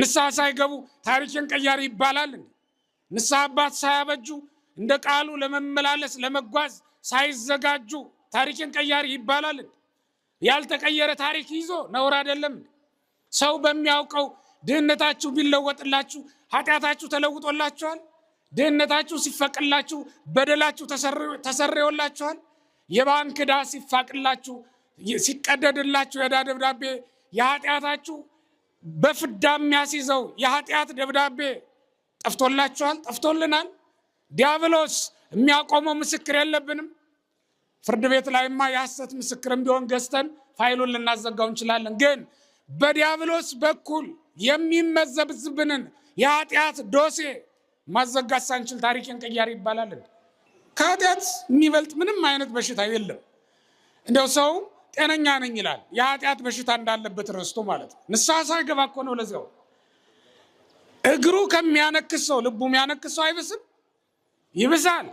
ንስሐ ሳይገቡ ታሪክን ቀያሪ ይባላል። ንስሐ አባት ሳያበጁ እንደ ቃሉ ለመመላለስ ለመጓዝ ሳይዘጋጁ ታሪክን ቀያሪ ይባላል። ያልተቀየረ ታሪክ ይዞ ነውር አይደለም። ሰው በሚያውቀው ድህነታችሁ ቢለወጥላችሁ ኃጢአታችሁ ተለውጦላችኋል። ድህነታችሁ ሲፈቅላችሁ በደላችሁ ተሰርዮላችኋል። የባንክ ዕዳ ሲፋቅላችሁ ሲቀደድላችሁ የዕዳ ደብዳቤ የኃጢአታችሁ በፍዳ የሚያስይዘው የኃጢአት ደብዳቤ ጠፍቶላችኋል፣ ጠፍቶልናል። ዲያብሎስ የሚያቆመው ምስክር የለብንም። ፍርድ ቤት ላይማ የሐሰት ምስክርም ቢሆን ገዝተን ፋይሉን ልናዘጋው እንችላለን። ግን በዲያብሎስ በኩል የሚመዘብዝብንን የኃጢአት ዶሴ ማዘጋት ሳንችል ታሪክን ቀያሪ ይባላል። ከኃጢአት የሚበልጥ ምንም አይነት በሽታ የለም። እንደው ሰው ጤነኛ ነኝ ይላል። የኃጢአት በሽታ እንዳለበት ረስቶ ማለት ነው። ንስሐ ሳይገባ እኮ ነው። ለዚያው እግሩ ከሚያነክስ ሰው ልቡ የሚያነክስ ሰው አይብስም? ይብሳል።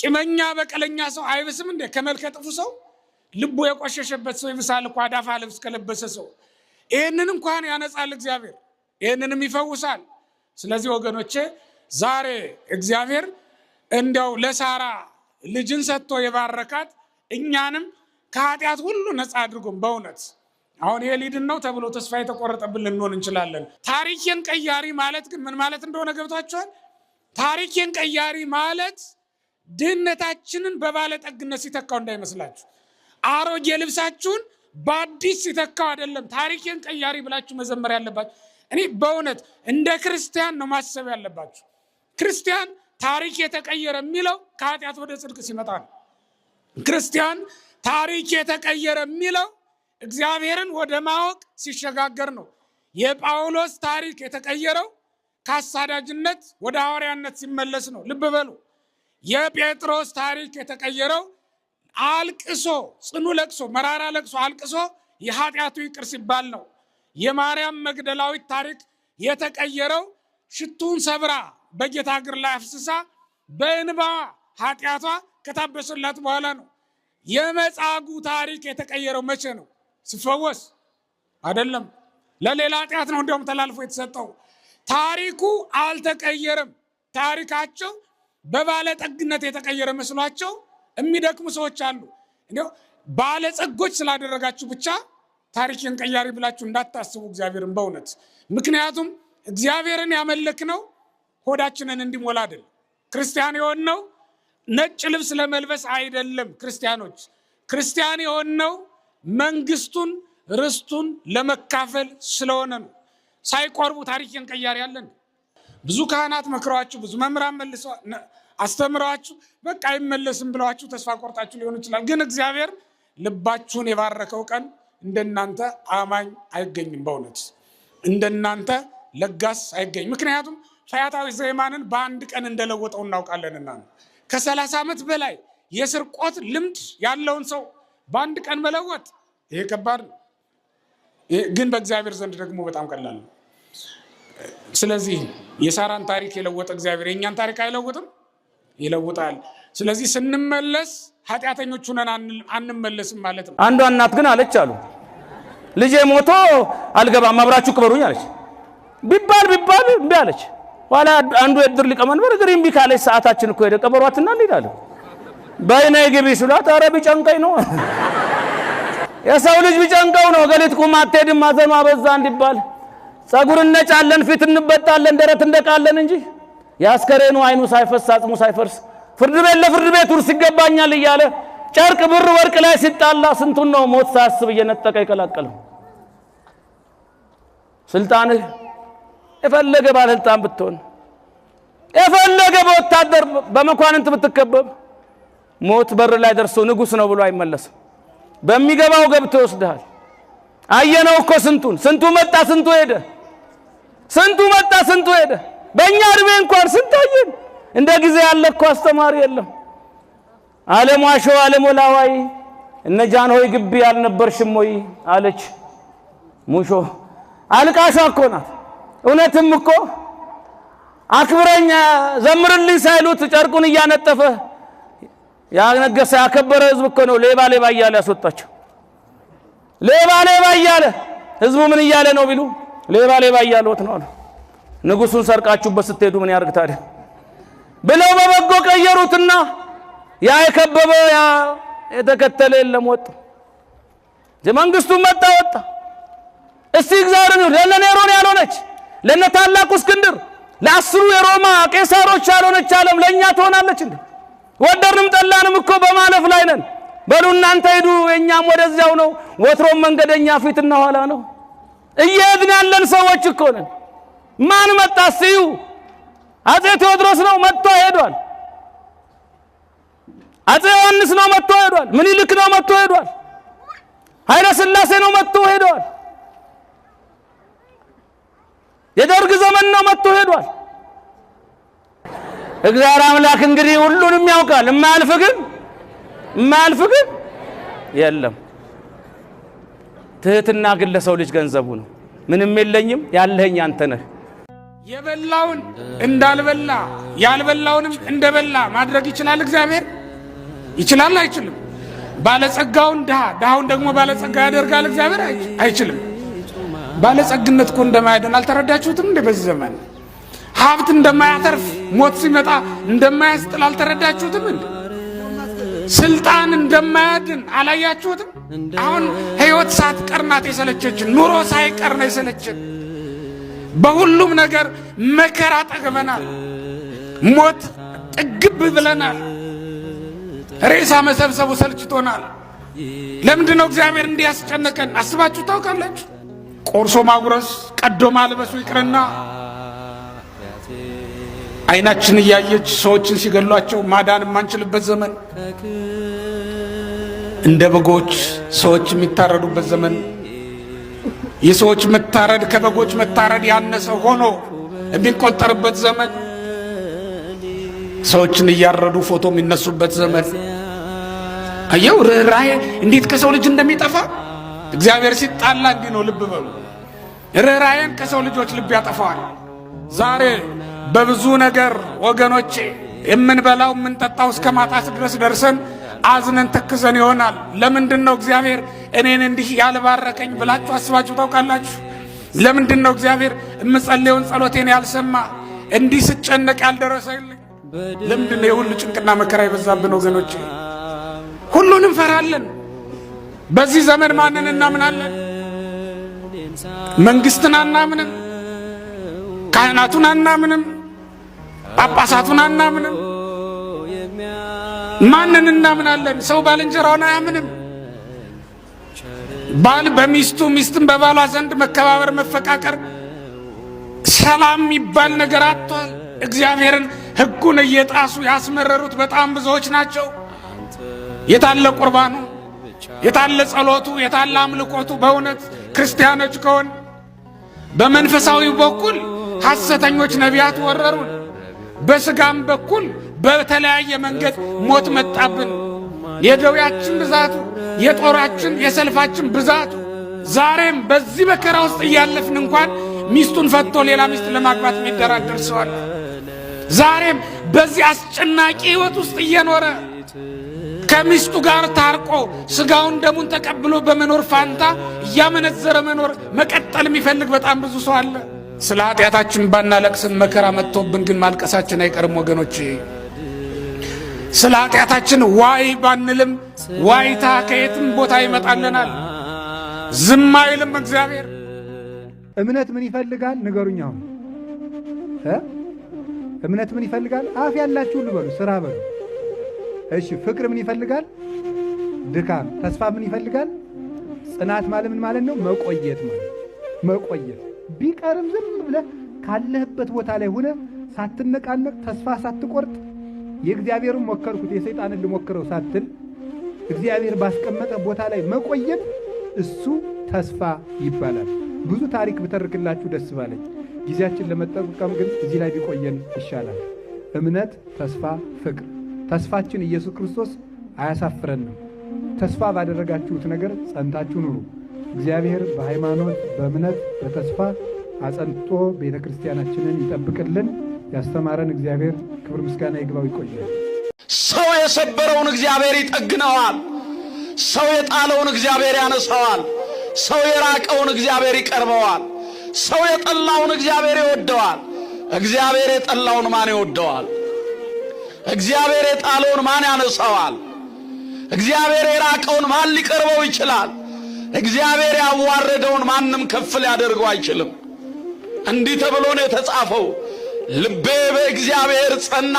ቂመኛ በቀለኛ ሰው አይብስም እንዴ? ከመልከ ጥፉ ሰው ልቡ የቆሸሸበት ሰው ይብሳል እኮ አዳፋ ልብስ ከለበሰ ሰው። ይህንን እንኳን ያነጻል እግዚአብሔር፣ ይህንንም ይፈውሳል። ስለዚህ ወገኖቼ ዛሬ እግዚአብሔር እንዲያው ለሳራ ልጅን ሰጥቶ የባረካት እኛንም ከኃጢአት ሁሉ ነፃ አድርጎም በእውነት አሁን ይሄ ሊድን ነው ተብሎ ተስፋ የተቆረጠብን ልንሆን እንችላለን። ታሪኬን ቀያሪ ማለት ግን ምን ማለት እንደሆነ ገብቷችኋል? ታሪኬን ቀያሪ ማለት ድህነታችንን በባለጠግነት ሲተካው እንዳይመስላችሁ፣ አሮጌ ልብሳችሁን በአዲስ ሲተካው አይደለም። ታሪኬን ቀያሪ ብላችሁ መዘመር ያለባችሁ እኔ በእውነት እንደ ክርስቲያን ነው ማሰብ ያለባችሁ። ክርስቲያን ታሪክ የተቀየረ የሚለው ከኃጢአት ወደ ጽድቅ ሲመጣ ነው። ክርስቲያን ታሪክ የተቀየረ የሚለው እግዚአብሔርን ወደ ማወቅ ሲሸጋገር ነው። የጳውሎስ ታሪክ የተቀየረው ከአሳዳጅነት ወደ ሐዋርያነት ሲመለስ ነው። ልብ በሉ። የጴጥሮስ ታሪክ የተቀየረው አልቅሶ፣ ጽኑ ለቅሶ፣ መራራ ለቅሶ አልቅሶ የኃጢአቱ ይቅር ሲባል ነው። የማርያም መግደላዊት ታሪክ የተቀየረው ሽቱን ሰብራ በጌታ እግር ላይ አፍስሳ በእንባ ኃጢአቷ ከታበሰላት በኋላ ነው። የመጻጉ ታሪክ የተቀየረው መቼ ነው? ሲፈወስ አይደለም። ለሌላ ኃጢአት ነው እንደውም ተላልፎ የተሰጠው። ታሪኩ አልተቀየረም። ታሪካቸው በባለጠግነት የተቀየረ መስሏቸው የሚደክሙ ሰዎች አሉ። እንዲ ባለጸጎች ስላደረጋችሁ ብቻ ታሪክን ቀያሪ ብላችሁ እንዳታስቡ እግዚአብሔርን በእውነት ምክንያቱም እግዚአብሔርን ያመለክነው ሆዳችንን እንዲሞላ አይደል። ክርስቲያን የሆንነው ነጭ ልብስ ለመልበስ አይደለም። ክርስቲያኖች ክርስቲያን የሆነው መንግስቱን ርስቱን ለመካፈል ስለሆነ ነው። ሳይቆርቡ ታሪክን ቀያሪ ያለን ብዙ ካህናት መክረዋችሁ፣ ብዙ መምህራን መልሰው አስተምረዋችሁ፣ በቃ አይመለስም ብለዋችሁ ተስፋ ቆርጣችሁ ሊሆን ይችላል። ግን እግዚአብሔር ልባችሁን የባረከው ቀን እንደናንተ አማኝ አይገኝም። በእውነት እንደናንተ ለጋስ አይገኝም። ምክንያቱም ፈያታዊ ዘይማንን በአንድ ቀን እንደለወጠው እናውቃለንና ነው። ከሰላሳ ዓመት በላይ የስርቆት ልምድ ያለውን ሰው በአንድ ቀን መለወጥ ይሄ ከባድ ነው፣ ግን በእግዚአብሔር ዘንድ ደግሞ በጣም ቀላል ነው። ስለዚህ የሳራን ታሪክ የለወጠ እግዚአብሔር የእኛን ታሪክ አይለውጥም? ይለውጣል። ስለዚህ ስንመለስ ኃጢአተኞች ሁነን አንመለስም ማለት ነው። አንዷ እናት ግን አለች አሉ ልጄ ሞቶ አልገባም አብራችሁ ቅበሩኝ አለች። ቢባል ቢባል እምቢ አለች። ኋላ አንዱ የእድር ሊቀመንበር እግር እምቢ ካለች ሰዓታችን እኮ ሄደ ቀበሯትና እንሄዳለን። በይነይ ግቢ ስሏት አረ ቢጨንቀኝ ነው የሰው ልጅ ቢጨንቀው ነው። ገሊት ቁም አትሄድም ማዘኗ በዛ እንዲባል ጸጉር እነጫለን፣ ፊት እንበጣለን፣ ደረት እንደቃለን እንጂ የአስከሬኑ አይኑ ሳይፈስ አጽሙ ሳይፈርስ ፍርድ ቤት ለፍርድ ቤት ውርስ ይገባኛል እያለ ጨርቅ ብር ወርቅ ላይ ሲጣላ ስንቱን ነው ሞት ሳያስብ እየነጠቀ ይቀላቀለው። ስልጣንህ የፈለገ ባለስልጣን ብትሆን የፈለገ በወታደር በመኳንንት ብትከበብ ሞት በር ላይ ደርሶ ንጉሥ ነው ብሎ አይመለስም። በሚገባው ገብቶ ይወስድሃል። አየነው እኮ ስንቱን ስንቱ መጣ ስንቱ ሄደ፣ ስንቱ መጣ ስንቱ ሄደ። በእኛ እድሜ እንኳን ስንት አየን። እንደ ጊዜ ያለ እኮ አስተማሪ የለም። አለም ዋሾ አለም ወላዋይ እነ ጃን ሆይ ግቢ አልነበርሽም ወይ አለች ሙሾ። አልቃሿ እኮ ናት። እውነትም እኮ አክብረኛ ዘምርልኝ ሳይሉት ጨርቁን እያነጠፈ ያነገሰ ያከበረ ህዝብ እኮ ነው። ሌባ ሌባ እያለ ያስወጣቸው። ሌባ ሌባ እያለ ህዝቡ ምን እያለ ነው ቢሉ ሌባ ሌባ እያለት ነው አሉ። ንጉሱን ሰርቃችሁበት ስትሄዱ ምን ያደርግ ታዲያ ብለው በበጎ ቀየሩትና ያ የከበበ ያ የተከተለ የለም ወጣ። መንግስቱ መጣ ወጣ። እስቲ እግዚአብሔር ለነ ኔሮን ያልሆነች ለነ ታላቁ እስክንድር ለአስሩ የሮማ ቄሳሮች ያልሆነች ዓለም ለእኛ ትሆናለች እንዴ? ወደርንም ጠላንም እኮ በማለፍ ላይ ነን። በሉ እናንተ ሂዱ፣ የእኛም ወደዚያው ነው። ወትሮም መንገደኛ ፊትና ኋላ ነው። እየሄድን ያለን ሰዎች እኮ ነን። ማን መጣ ስዩ? አፄ ቴዎድሮስ ነው መጥቶ ሄዷል። አፄ ዮሐንስ ነው መጥቶ ሄዷል። ምኒልክ ነው መጥቶ ሄዷል። ኃይለ ሥላሴ ነው መጥቶ ሄደዋል። የደርግ ዘመን ነው መጥቶ ሄዷል። እግዚአብሔር አምላክ እንግዲህ ሁሉንም ያውቃል። የማያልፍ ግን የማያልፍ ግን የለም። ትህትና ግን ለሰው ልጅ ገንዘቡ ነው። ምንም የለኝም ያለህኝ አንተ ነህ። የበላውን እንዳልበላ ያልበላውንም እንደበላ ማድረግ ይችላል እግዚአብሔር ይችላል? አይችልም? ባለጸጋውን ድሃ ድሃውን ደግሞ ባለጸጋ ያደርጋል እግዚአብሔር? አይችልም። ባለጸግነት እኮ እንደማያድን አልተረዳችሁትም? እንደ በዚህ ዘመን ሀብት እንደማያተርፍ ሞት ሲመጣ እንደማያስጥል አልተረዳችሁትም? እንደ ስልጣን እንደማያድን አላያችሁትም? አሁን ህይወት ሳትቀር ናት የሰለቸችን፣ ኑሮ ሳይቀር ነው የሰለችን። በሁሉም ነገር መከራ ጠግበናል፣ ሞት ጥግብ ብለናል፣ ሬሳ መሰብሰቡ ሰልችቶናል። ለምንድን ነው እግዚአብሔር እንዲያስጨነቀን አስባችሁ ታውቃላችሁ? ቆርሶ ማጉረስ፣ ቀዶ ማልበሱ ይቅርና አይናችን እያየች ሰዎችን ሲገሏቸው ማዳን የማንችልበት ዘመን፣ እንደ በጎች ሰዎች የሚታረዱበት ዘመን፣ የሰዎች መታረድ ከበጎች መታረድ ያነሰ ሆኖ የሚቆጠርበት ዘመን፣ ሰዎችን እያረዱ ፎቶ የሚነሱበት ዘመን። አየው ርኅራኄ እንዴት ከሰው ልጅ እንደሚጠፋ እግዚአብሔር ሲጣላ እንዲህ ነው። ልብ በሉ። ርኅራኄን ከሰው ልጆች ልብ ያጠፋዋል። ዛሬ በብዙ ነገር ወገኖቼ የምንበላው የምንጠጣው እስከ ማጣት ድረስ ደርሰን አዝነን ተክዘን ይሆናል። ለምንድን ነው እግዚአብሔር እኔን እንዲህ ያልባረከኝ ብላችሁ አስባችሁ ታውቃላችሁ? ለምንድን ነው እግዚአብሔር እምጸልየውን ጸሎቴን ያልሰማ እንዲህ ስጨነቅ ያልደረሰልኝ? ለምንድን ነው የሁሉ ጭንቅና መከራ የበዛብን ወገኖች ሁሉን እንፈራለን። በዚህ ዘመን ማንን እናምናለን? መንግስትን አናምንም፣ ካህናቱን አናምንም፣ ጳጳሳቱን አናምንም። ማንን እናምናለን? ሰው ባልንጀራውን አያምንም። ባል በሚስቱ ሚስትን በባሏ ዘንድ መከባበር፣ መፈቃቀር፣ ሰላም የሚባል ነገር አጥቷል። እግዚአብሔርን ህጉን እየጣሱ ያስመረሩት በጣም ብዙዎች ናቸው። የታለ ቁርባኑ? የታለ ጸሎቱ፣ የታለ አምልኮቱ? በእውነት ክርስቲያኖች ከሆን በመንፈሳዊ በኩል ሐሰተኞች ነቢያት ወረሩን። በስጋም በኩል በተለያየ መንገድ ሞት መጣብን። የደዌያችን ብዛቱ፣ የጦራችን የሰልፋችን ብዛቱ ዛሬም በዚህ መከራ ውስጥ እያለፍን እንኳን ሚስቱን ፈቶ ሌላ ሚስት ለማግባት የሚደራደር ሰዋል። ዛሬም በዚህ አስጨናቂ ሕይወት ውስጥ እየኖረ ከሚስቱ ጋር ታርቆ ስጋውን ደሙን ተቀብሎ በመኖር ፋንታ እያመነዘረ መኖር መቀጠል የሚፈልግ በጣም ብዙ ሰው አለ። ስለ ኃጢአታችን ባናለቅስም መከራ መጥቶብን ግን ማልቀሳችን አይቀርም ወገኖች። ስለ ኃጢአታችን ዋይ ባንልም ዋይታ ከየትም ቦታ ይመጣልናል። ዝም አይልም እግዚአብሔር። እምነት ምን ይፈልጋል ንገሩኝ። እምነት ምን ይፈልጋል? አፍ ያላችሁ ሁሉ በሉ ስራ በሉ እሺ ፍቅር ምን ይፈልጋል? ድካም። ተስፋ ምን ይፈልጋል? ጽናት ማለት ምን ማለት ነው? መቆየት ማለት መቆየት ቢቀርም ዝም ብለህ ካለህበት ቦታ ላይ ሁነ ሳትነቃነቅ ተስፋ ሳትቆርጥ የእግዚአብሔርን ሞከርኩት የሰይጣንን ልሞክረው ሳትል እግዚአብሔር ባስቀመጠ ቦታ ላይ መቆየት እሱ ተስፋ ይባላል። ብዙ ታሪክ ብተርክላችሁ ደስ ባለኝ። ጊዜያችን ለመጠቀም ግን እዚህ ላይ ቢቆየን ይሻላል። እምነት፣ ተስፋ፣ ፍቅር ተስፋችን ኢየሱስ ክርስቶስ አያሳፍረንም። ተስፋ ባደረጋችሁት ነገር ጸንታችሁ ኑሩ። እግዚአብሔር በሃይማኖት በእምነት በተስፋ አጸንቶ ቤተ ክርስቲያናችንን ይጠብቅልን። ያስተማረን እግዚአብሔር ክብር ምስጋና ይግባው። ይቆያል። ሰው የሰበረውን እግዚአብሔር ይጠግነዋል። ሰው የጣለውን እግዚአብሔር ያነሳዋል። ሰው የራቀውን እግዚአብሔር ይቀርበዋል። ሰው የጠላውን እግዚአብሔር ይወደዋል። እግዚአብሔር የጠላውን ማን ይወደዋል? እግዚአብሔር የጣለውን ማን ያነሳዋል? እግዚአብሔር የራቀውን ማን ሊቀርበው ይችላል? እግዚአብሔር ያዋረደውን ማንም ከፍ ሊያደርገው አይችልም። እንዲህ ተብሎ ነው የተጻፈው፣ ልቤ በእግዚአብሔር ጸና፣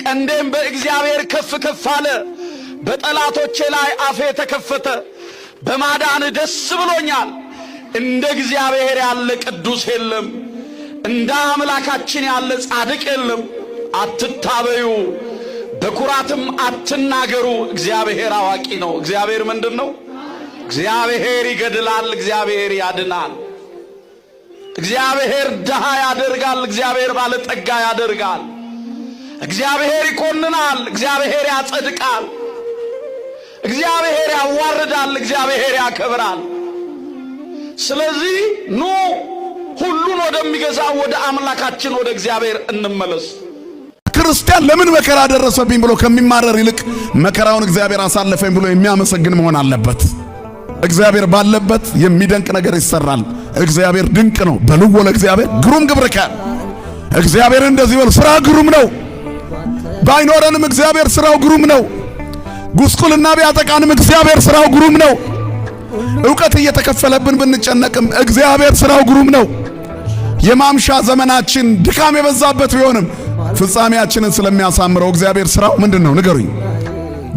ቀንዴም በእግዚአብሔር ከፍ ከፍ አለ። በጠላቶቼ ላይ አፌ ተከፈተ፣ በማዳን ደስ ብሎኛል። እንደ እግዚአብሔር ያለ ቅዱስ የለም፣ እንደ አምላካችን ያለ ጻድቅ የለም። አትታበዩ፣ በኩራትም አትናገሩ። እግዚአብሔር አዋቂ ነው። እግዚአብሔር ምንድን ነው? እግዚአብሔር ይገድላል፣ እግዚአብሔር ያድናል። እግዚአብሔር ድሃ ያደርጋል፣ እግዚአብሔር ባለጠጋ ያደርጋል። እግዚአብሔር ይኮንናል፣ እግዚአብሔር ያጸድቃል። እግዚአብሔር ያዋርዳል፣ እግዚአብሔር ያከብራል። ስለዚህ ኑ ሁሉን ወደሚገዛ ወደ አምላካችን ወደ እግዚአብሔር እንመለስ። ክርስቲያን ለምን መከራ ደረሰብኝ ብሎ ከሚማረር ይልቅ መከራውን እግዚአብሔር አሳለፈኝ ብሎ የሚያመሰግን መሆን አለበት። እግዚአብሔር ባለበት የሚደንቅ ነገር ይሰራል። እግዚአብሔር ድንቅ ነው። በልዎ ለእግዚአብሔር ግሩም ግብርከ እግዚአብሔር እንደዚህ በል፣ ስራ ግሩም ነው። ባይኖረንም እግዚአብሔር ስራው ግሩም ነው። ጉስቁልና ቢያጠቃንም እግዚአብሔር ስራው ግሩም ነው። እውቀት እየተከፈለብን ብንጨነቅም እግዚአብሔር ስራው ግሩም ነው። የማምሻ ዘመናችን ድካም የበዛበት ቢሆንም ፍጻሜያችንን ስለሚያሳምረው እግዚአብሔር ስራው ምንድን ነው ንገሩኝ።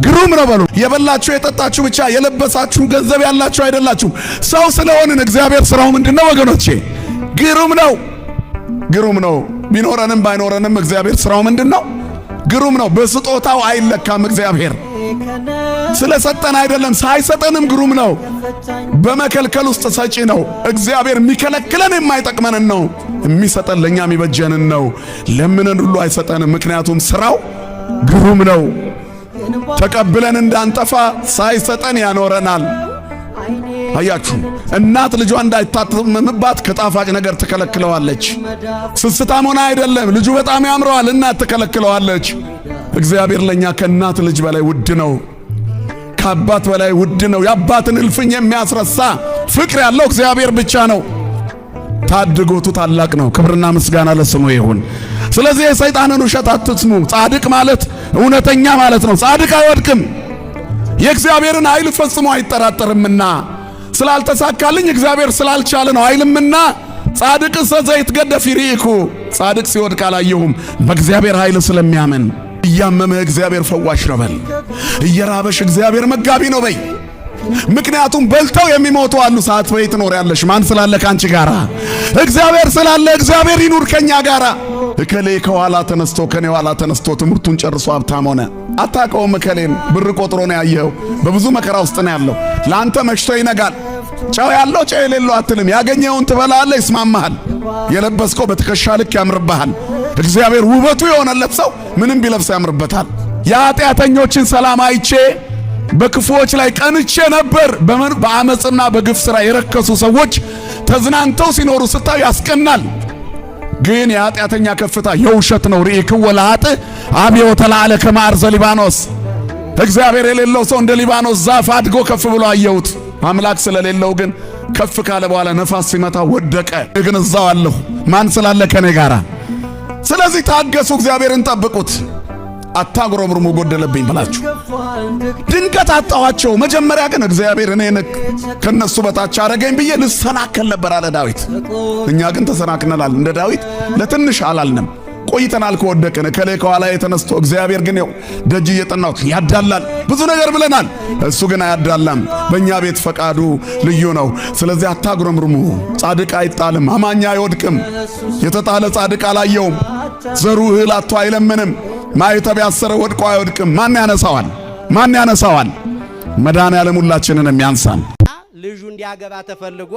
ግሩም ነው በሉ። የበላችሁ የጠጣችሁ ብቻ የለበሳችሁ ገንዘብ ያላችሁ አይደላችሁም። ሰው ስለሆንን እግዚአብሔር ስራው ምንድን ነው ወገኖቼ? ግሩም ነው፣ ግሩም ነው። ቢኖረንም ባይኖረንም እግዚአብሔር ስራው ምንድን ነው? ግሩም ነው። በስጦታው አይለካም እግዚአብሔር ስለሰጠን አይደለም፣ ሳይሰጠንም ግሩም ነው። በመከልከል ውስጥ ሰጪ ነው እግዚአብሔር። የሚከለክለን የማይጠቅመንን ነው፣ የሚሰጠን ለእኛ የሚበጀንን ነው። ለምንን ሁሉ አይሰጠንም፣ ምክንያቱም ስራው ግሩም ነው። ተቀብለን እንዳንጠፋ ሳይሰጠን ያኖረናል። አያችሁ፣ እናት ልጇ እንዳይታመምባት ከጣፋጭ ነገር ትከለክለዋለች። ስስታም ሆና አይደለም፣ ልጁ በጣም ያምረዋል፣ እናት ትከለክለዋለች። እግዚአብሔር ለእኛ ከእናት ልጅ በላይ ውድ ነው፣ ከአባት በላይ ውድ ነው። የአባትን እልፍኝ የሚያስረሳ ፍቅር ያለው እግዚአብሔር ብቻ ነው። ታድጎቱ ታላቅ ነው። ክብርና ምስጋና ለስሙ ይሁን። ስለዚህ የሰይጣንን ውሸት አትስሙ። ጻድቅ ማለት እውነተኛ ማለት ነው። ጻድቅ አይወድቅም፣ የእግዚአብሔርን ኃይል ፈጽሞ አይጠራጠርምና ስላልተሳካልኝ እግዚአብሔር ስላልቻለ ነው አይልምና ሰዘይት ዘይትገደፍ ይርኢኩ ጻድቅ ሲወድቅ አላየሁም። በእግዚአብሔር ኃይል ስለሚያምን እያመመህ እግዚአብሔር ፈዋሽ ነው በል። እየራበሽ እግዚአብሔር መጋቢ ነው በይ። ምክንያቱም በልተው የሚሞቱ አሉ። ሰዓት ወይ ትኖር ያለሽ ማን ስላለ ካንቺ ጋራ እግዚአብሔር ስላለ እግዚአብሔር ይኑር ከኛ ጋራ። እከሌ ከኋላ ተነስቶ ከኔ ኋላ ተነስቶ ትምህርቱን ጨርሶ ሀብታም ሆነ አታውቀውም። እከሌን ብር ቆጥሮ ነው ያየኸው። በብዙ መከራ ውስጥ ነው ያለው። ለአንተ መሽቶ ይነጋል። ጨው ያለው ጨው የሌለው አትልም። ያገኘውን ትበላለህ፣ ይስማማሃል። የለበስከው በትከሻ ልክ ያምርብሃል። እግዚአብሔር ውበቱ የሆነለት ሰው ምንም ቢለብስ ያምርበታል። የኃጢአተኞችን ሰላም አይቼ በክፉዎች ላይ ቀንቼ ነበር። በአመፅና በግፍ ሥራ የረከሱ ሰዎች ተዝናንተው ሲኖሩ ስታዩ ያስቀናል። ግን የኃጢአተኛ ከፍታ የውሸት ነው። ርኢክወ ለኃጥእ አብዮ ተለዓለ ከመ አርዘ ሊባኖስ። እግዚአብሔር የሌለው ሰው እንደ ሊባኖስ ዛፍ አድጎ ከፍ ብሎ አየሁት። አምላክ ስለሌለው ግን ከፍ ካለ በኋላ ነፋስ ሲመታ ወደቀ። እግን እዛው አለሁ። ማን ስላለ ከኔ ጋራ። ስለዚህ ታገሱ፣ እግዚአብሔርን ጠብቁት። አታጉረምርሙ ጎደለብኝ ብላችሁ ድንገት አጣኋቸው። መጀመሪያ ግን እግዚአብሔር እኔን ከነሱ በታች አረገኝ ብዬ ልሰናከል ነበር አለ ዳዊት። እኛ ግን ተሰናክለናል። እንደ ዳዊት ለትንሽ አላልንም። ቆይተናል ከወደቅን ከሌ ከኋላ የተነስቶ እግዚአብሔር ግን ይው ደጅ እየጠናሁት ያዳላል ብዙ ነገር ብለናል። እሱ ግን አያዳላም። በእኛ ቤት ፈቃዱ ልዩ ነው። ስለዚህ አታጉረምርሙ። ጻድቅ አይጣልም፣ አማኛ አይወድቅም። የተጣለ ጻድቅ አላየውም። ዘሩ እህል አይለምንም። ማይተብ ያሰረ ወድቆ አይወድቅም። ማን ያነሳዋል? ማን ያነሳዋል? መዳን ያለም የሚያንሳን ልጁ እንዲያገባ ተፈልጎ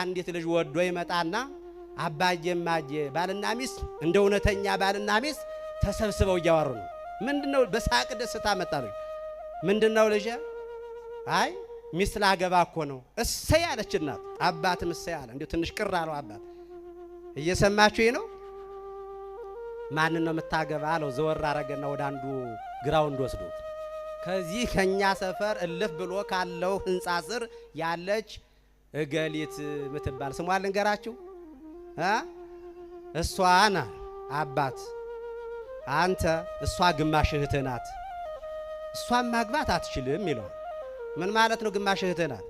አንዲት ልጅ ወዶ ይመጣና አባዬማዬ ባልና ሚስት እንደ እውነተኛ ባልና ሚስት ተሰብስበው እያዋሩ ነው። ምንድነው? በሳቅ ደስታ መጣሉ። ምንድነው? ልጄ አይ ሚስት ላገባ እኮ ነው። እሰይ አለች እናት። አባትም እሰይ አለ። እንዲሁ ትንሽ ቅር አለው አባት። እየሰማችሁ ይህ ነው። ማን ነው የምታገባ አለው። ዘወር አረገና ወደ አንዱ ግራውንድ ወስዶት ከዚህ ከኛ ሰፈር እልፍ ብሎ ካለው ህንፃ ስር ያለች እገሊት ምትባል ስሟ ልንገራችሁ እሷ ና አባት አንተ እሷ ግማሽ እህትህ ናት፣ እሷን ማግባት አትችልም ይለዋል። ምን ማለት ነው? ግማሽ እህትህ ናት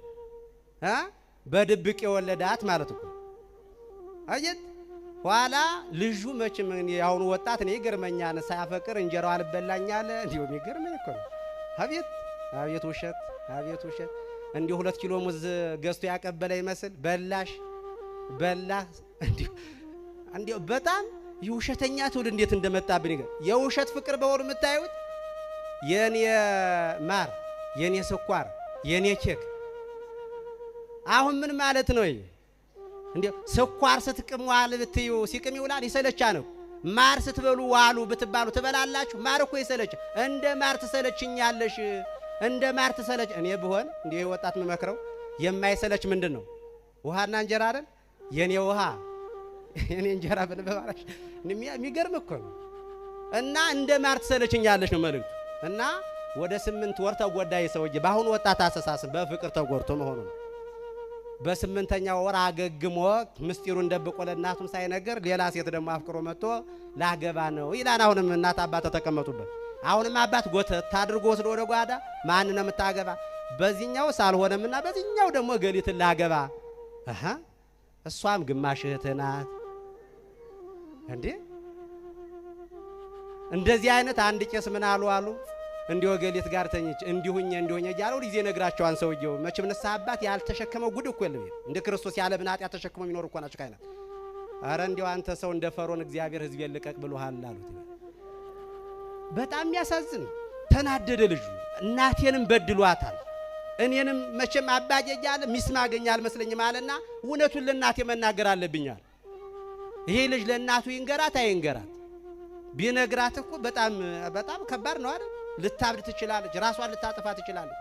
በድብቅ የወለዳት ማለት ነው። አየት ኋላ ልጁ መቼም የአሁኑ ወጣት እኔ ይገርመኛል። ሳያፈቅር እንጀራው አልበላኛለ እንዲሁም ይገርመኝ እኮ ነው። አቤት አቤት ውሸት አቤት ውሸት! እንዲሁ ሁለት ኪሎ ሙዝ ገዝቶ ያቀበለ ይመስል በላሽ በላ እንዲሁ በጣም የውሸተኛ ትውልድ እንዴት እንደመጣብን ይገር የውሸት ፍቅር በወሩ የምታዩት የኔ ማር የኔ ስኳር የኔ ኬክ አሁን ምን ማለት ነው? እንዴ ስኳር ስትቅም ዋል ብትዩ ሲቅም ይውላል ይሰለቻ ነው። ማር ስትበሉ ዋሉ ብትባሉ ትበላላችሁ። ማር እኮ ይሰለች እንደ ማር ትሰለችኛለሽ፣ እንደ ማር ትሰለች። እኔ ብሆን እንዲህ ወጣት የምመክረው የማይሰለች ምንድን ነው? ውሃና እንጀራ አይደል? የኔ ውሃ የኔ እንጀራ በነበባራሽ የሚገርም እኮ ነው። እና እንደ ማር ትሰለችኛለች ነው መልእክቱ። እና ወደ ስምንት ወር ተጎዳ የሰውዬ በአሁኑ ወጣት አስተሳሰብ በፍቅር ተጎድቶ መሆኑ ነው። በስምንተኛ ወር አገግሞ ምስጢሩን ደብቆ ለእናቱም ሳይነገር ሌላ ሴት ደግሞ አፍቅሮ መጥቶ ላገባ ነው ይላል። አሁንም እናት አባት ተቀመጡበት። አሁንም አባት ጎተት አድርጎ ወስዶ ወደ ጓዳ ማን ነው የምታገባ? በዚህኛው ሳልሆነምና በዚህኛው ደግሞ ገሊትን ላገባ እሷም ግማሽ እህት ናት እንዴ። እንደዚህ አይነት አንድ ቄስ ምን አሉ አሉ እንዲህ ወገሌት ጋር ተኝች እንዲሁኝ እንዲሁኝ እያለ ሁል ጊዜ ነግራቸዋን። ሰውየው መቼም ንስሐ አባት ያልተሸከመው ጉድ እኮ የለም። እንደ ክርስቶስ ያለ ብን ብናጥ ተሸክሞ የሚኖር እኮ ናቸው ካይናት። አረ እንዲያው አንተ ሰው እንደ ፈሮን እግዚአብሔር ህዝቤን ልቀቅ ብሎሃል አሉት። በጣም የሚያሳዝን ተናደደ ልጁ። እናቴንም በድሏታል እኔንም መቼም አባዬ እያለ ሚስት ማገኛ አልመስለኝም አለና እውነቱን ለእናቴ መናገር አለብኛል። ይሄ ልጅ ለእናቱ ይንገራት አይንገራት? ቢነግራት እኮ በጣም በጣም ከባድ ነው አይደል? ልታብድ ትችላለች፣ ራሷን ልታጠፋ ትችላለች።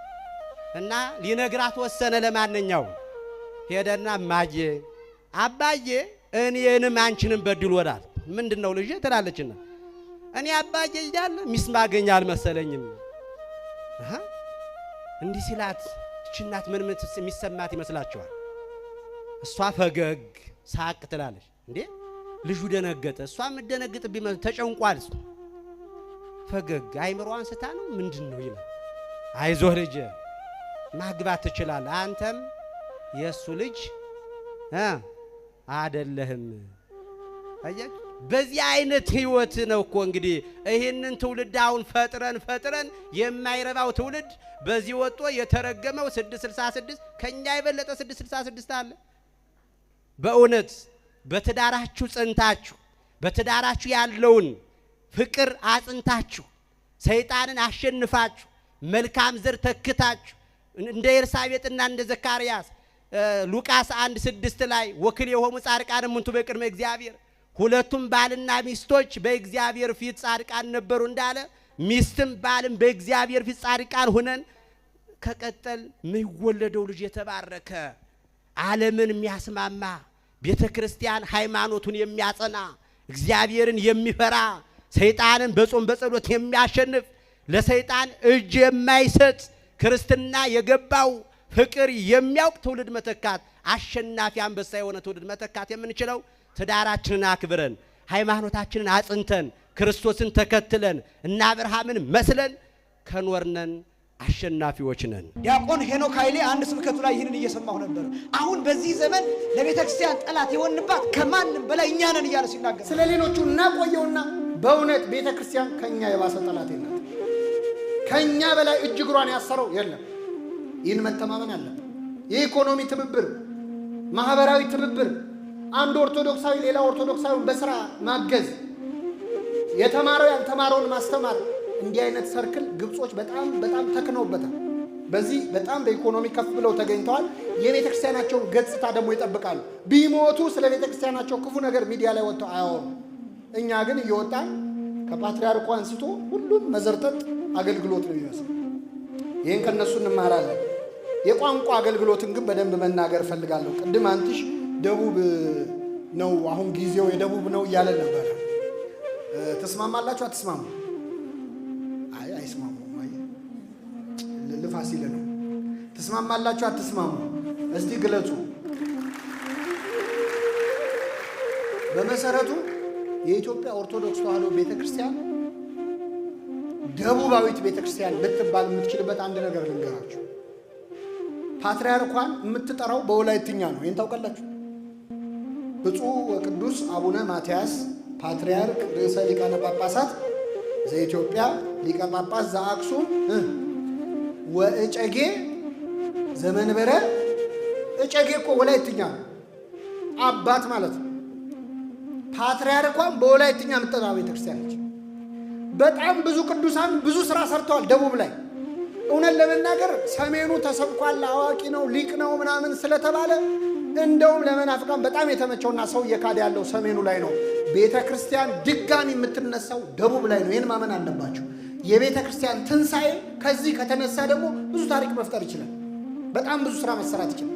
እና ሊነግራት ወሰነ። ለማንኛው ሄደና ማጄ አባዬ እኔንም አንቺንም በድል ወዳል ምንድን ነው ትላለችና እኔ አባዬ እያለ ሚስት ማገኛ አልመሰለኝም እንዲህ ሲላት ችናት ምን ምን የሚሰማት ይመስላችኋል? እሷ ፈገግ ሳቅ ትላለች። እንዴ ልጁ ደነገጠ። እሷ የምትደነግጥ ቢመስል ተጨንቋል። እሱ ፈገግ አይምሮ አንስታ ነው ምንድን ነው ይላል። አይዞህ ልጅ ማግባት ትችላል አንተም የእሱ ልጅ አደለህም አያችሁ በዚህ አይነት ህይወት ነው እኮ እንግዲህ ይህንን ትውልድ አሁን ፈጥረን ፈጥረን የማይረባው ትውልድ በዚህ ወጦ የተረገመው 666 ከኛ የበለጠ 666 አለ። በእውነት በትዳራችሁ ጽንታችሁ በትዳራችሁ ያለውን ፍቅር አጽንታችሁ ሰይጣንን አሸንፋችሁ መልካም ዘር ተክታችሁ እንደ ኤልሳቤጥና እንደ ዘካርያስ ሉቃስ አንድ ስድስት ላይ ወክል የሆሙ ጻድቃን እሙንቱ በቅድመ እግዚአብሔር ሁለቱም ባልና ሚስቶች በእግዚአብሔር ፊት ጻድቃን ነበሩ እንዳለ ሚስትም ባልም በእግዚአብሔር ፊት ጻድቃን ሁነን ከቀጠል የሚወለደው ልጅ የተባረከ ዓለምን የሚያስማማ ቤተ ክርስቲያን ሃይማኖቱን የሚያጸና እግዚአብሔርን የሚፈራ ሰይጣንን በጾም በጸሎት የሚያሸንፍ ለሰይጣን እጅ የማይሰጥ ክርስትና የገባው ፍቅር የሚያውቅ ትውልድ መተካት አሸናፊ አንበሳ የሆነ ትውልድ መተካት የምንችለው ትዳራችንን አክብረን ሃይማኖታችንን አጽንተን ክርስቶስን ተከትለን እና አብርሃምን መስለን ከኖርነን አሸናፊዎች ነን። ዲያቆን ሄኖክ ኃይሌ አንድ ስብከቱ ላይ ይህንን እየሰማሁ ነበር። አሁን በዚህ ዘመን ለቤተ ክርስቲያን ጠላት የሆንባት ከማንም በላይ እኛ ነን እያለ ሲናገር ስለ ሌሎቹ እናቆየውና በእውነት ቤተ ክርስቲያን ከእኛ የባሰ ጠላት የለም። ከእኛ በላይ እጅ እግሯን ያሰረው የለም። ይህን መተማመን አለ። የኢኮኖሚ ትብብር፣ ማህበራዊ ትብብር አንድ ኦርቶዶክሳዊ ሌላ ኦርቶዶክሳዊን በስራ ማገዝ፣ የተማረው ያልተማረውን ማስተማር፣ እንዲህ አይነት ሰርክል ግብጾች በጣም በጣም ተክነውበታል። በዚህ በጣም በኢኮኖሚ ከፍ ብለው ተገኝተዋል። የቤተ ክርስቲያናቸውን ገጽታ ደግሞ ይጠብቃሉ። ቢሞቱ ስለ ቤተ ክርስቲያናቸው ክፉ ነገር ሚዲያ ላይ ወጥተው አያወሩ። እኛ ግን እየወጣን ከፓትርያርኩ አንስቶ ሁሉም መዘርጠጥ አገልግሎት ነው ይመስል ይህን ከእነሱ እንማራለን። የቋንቋ አገልግሎትን ግን በደንብ መናገር እፈልጋለሁ። ቅድም አንትሽ ደቡብ ነው አሁን ጊዜው የደቡብ ነው እያለን ነበረ። ተስማማላችሁ? አትስማሙ? አይ አይስማሙ። ልፋሲል ነው። ተስማማላችሁ? አትስማሙ? እስቲ ግለጹ። በመሰረቱ የኢትዮጵያ ኦርቶዶክስ ተዋህዶ ቤተክርስቲያን ደቡባዊት ቤተክርስቲያን ልትባል የምትችልበት አንድ ነገር ልንገራችሁ። ፓትርያርኳን የምትጠራው በወላይትኛ ነው። ይህን ታውቃላችሁ? ብፁዕ ወቅዱስ አቡነ ማትያስ ፓትርያርክ ርዕሰ ሊቃነ ጳጳሳት ዘኢትዮጵያ ሊቀ ጳጳስ ዘአክሱም ወእጨጌ ዘመንበረ እጨጌ እኮ ወላይትኛ አባት ማለት ነው። ፓትርያርኳን በወላይትኛ የምትጠራ ቤተክርስቲያን ነች። በጣም ብዙ ቅዱሳን ብዙ ስራ ሰርተዋል። ደቡብ ላይ እውነት ለመናገር ሰሜኑ ተሰብኳል፣ አዋቂ ነው፣ ሊቅ ነው ምናምን ስለተባለ እንደውም ለመናፍቃን በጣም የተመቸውና ሰው እየካደ ያለው ሰሜኑ ላይ ነው። ቤተ ክርስቲያን ድጋሚ የምትነሳው ደቡብ ላይ ነው። ይህን ማመን አለባቸው። የቤተ ክርስቲያን ትንሣኤ ከዚህ ከተነሳ ደግሞ ብዙ ታሪክ መፍጠር ይችላል። በጣም ብዙ ስራ መሰራት ይችላል።